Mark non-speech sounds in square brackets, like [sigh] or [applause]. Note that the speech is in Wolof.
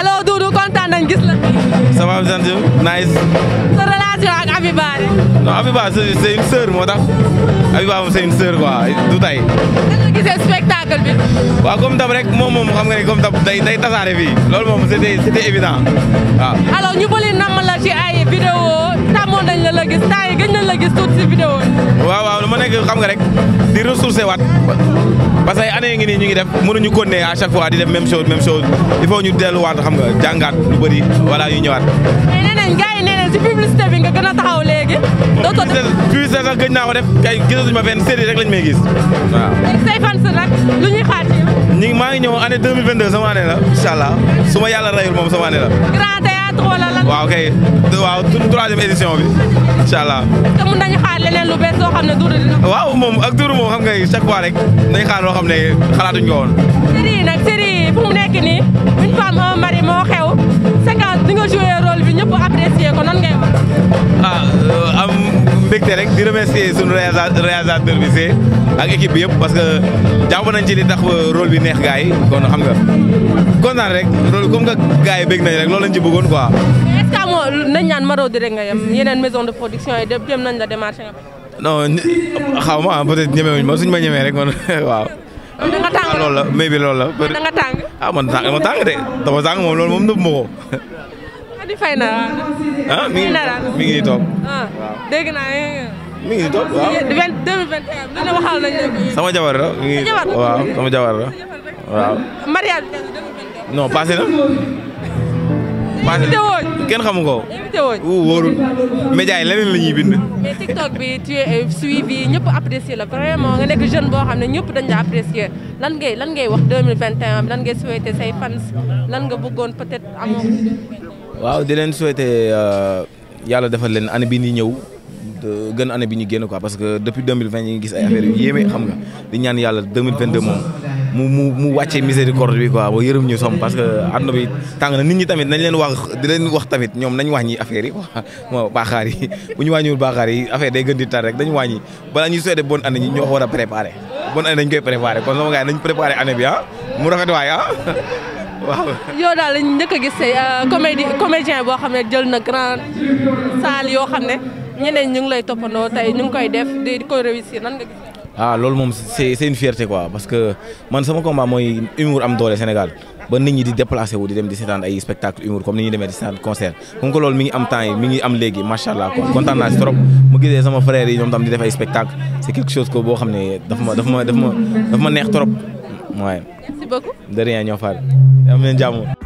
alors Doudou kontaan nañ gis la. ça sant yow nice. sa relation ak Abiba rek. non Abiba c' est une moo tax Abiba moom c' est une sœur quoi du tay nan nga gisee spectacle bi. waaw comme dab rek moom moom xam nga ne day day tasaare fii loolu moom c' était c' était évident ñu bëri nam la ci ay. gëj nañ la gis tuuti si vidéo waaw waaw lu ma nekk xam nga rek di ressourcer waat parce que ay année ngi nii ñu ngi def mënuñu continuer à chaque fois di def même chose même chose il faut ñu delluwaat xam nga jàngaat lu bëri wala ñu ñëwaat. mais nee nañ gars yi nee nañ si publicité bi nga gën a taxaw léegi. dootoo publicité sax gëj naa ko def kay gisatuñu ma benn série rek lañ may gis waaw. say fans nag lu ñuy xaar ci yow. ñu ngi maa ngi ñëw année 2022 sama année la incha allah su ma yàlla rayul moom sama quatre wala waaw kay waaw troisième bi incha allah. te mun nañu xaar leneen lu bees soo xam ne duuru dina. waaw moom ak duuru moom xam nga chaque fois rek nañu xaar ne xalaatuñ ko woon. nag série fu nekk nii une femme mbégte rek di remercier suñu réalisateur bi see ak équipe bi yëpp parce que jàpp nañ ci euh, bi neex gars yi kon xam nga kontaan rek rôle comme que gars yi bég nañ rek loolu lañ ci bëggoon quoi. est ce que amoo nañ ñaan nga yem yeneen maison de production yi dem nañ la démarché nga non xaw ma peut être ma suñ ma ñemee rek man [laughs] waaw. da nga tàng ah, la may bi loolu la. da nga tàng ah man tàng ma tàng de dama tàng moom loolu moom nëbb ma [laughs] di fay na ah mi ngi mi toog. Ah, waaw dégg naa eh. mi ngi toog sama jabar la mi ngi waaw sama jabar la waaw. mariage non passé na. passé na kenn xamu ko. wóorul média yi leneen la ñuy bind. TikTok bi tu es euh, suivi ñëpp apprécié la vraiment nga nekk jeune boo xam ne ñëpp dañ la apprécié lan ngay lan ngay wax 2021 lan ngay souhaité say fans lan nga bëggoon peut-être amoo. waaw di leen souhaiter euh, yàlla defal leen année bi ni ñëw gën année ñu génn quoi parce que depuis 2020 ñu ngi gis ay affaires yu yéeme xam nga di ñaan yàlla 2022 moom mu mu mu wàccee miséricorde bi quoi ba yërëm som parce que àdduna bi tàng na nit ñi tamit nañ leen wax di leen wax tamit ñoom nañ wàññi affaires yi quoi baaxaar [laughs] yi bu ñu wàññiwul baaxaar yi affaire day gën di tar rek dañu wàññi balaa ñuy souhaiter bonne année ñi ñoo ko war a préparer bonne année dañ koy préparer kon sama gars yi nañ préparer année bi ah mu rafet ah. [laughs] waaw yow daal njëkk a gis tey euh, comédie comédien boo xam ne jël na grand salle yoo xam ne ñeneen ñu ngi lay toppandoo tey ñu ngi koy def di ko réussir nan nga gis. ah loolu moom c'est c'est une fierté quoi parce que man sama combat mooy humour am doole Sénégal ba nit ñi di déplacé wu di dem di seetaan ay spectacle humour comme ni ñuy demee di seetaan concert comme que loolu mi ngi am temps yi mi ngi am léegi macha allah naa si trop mu gisee sama frère yi ñoom tam def ay spectacle boo xam ne daf ma daf ma daf ma ma neex trop waaye. merci beaucoup de am leen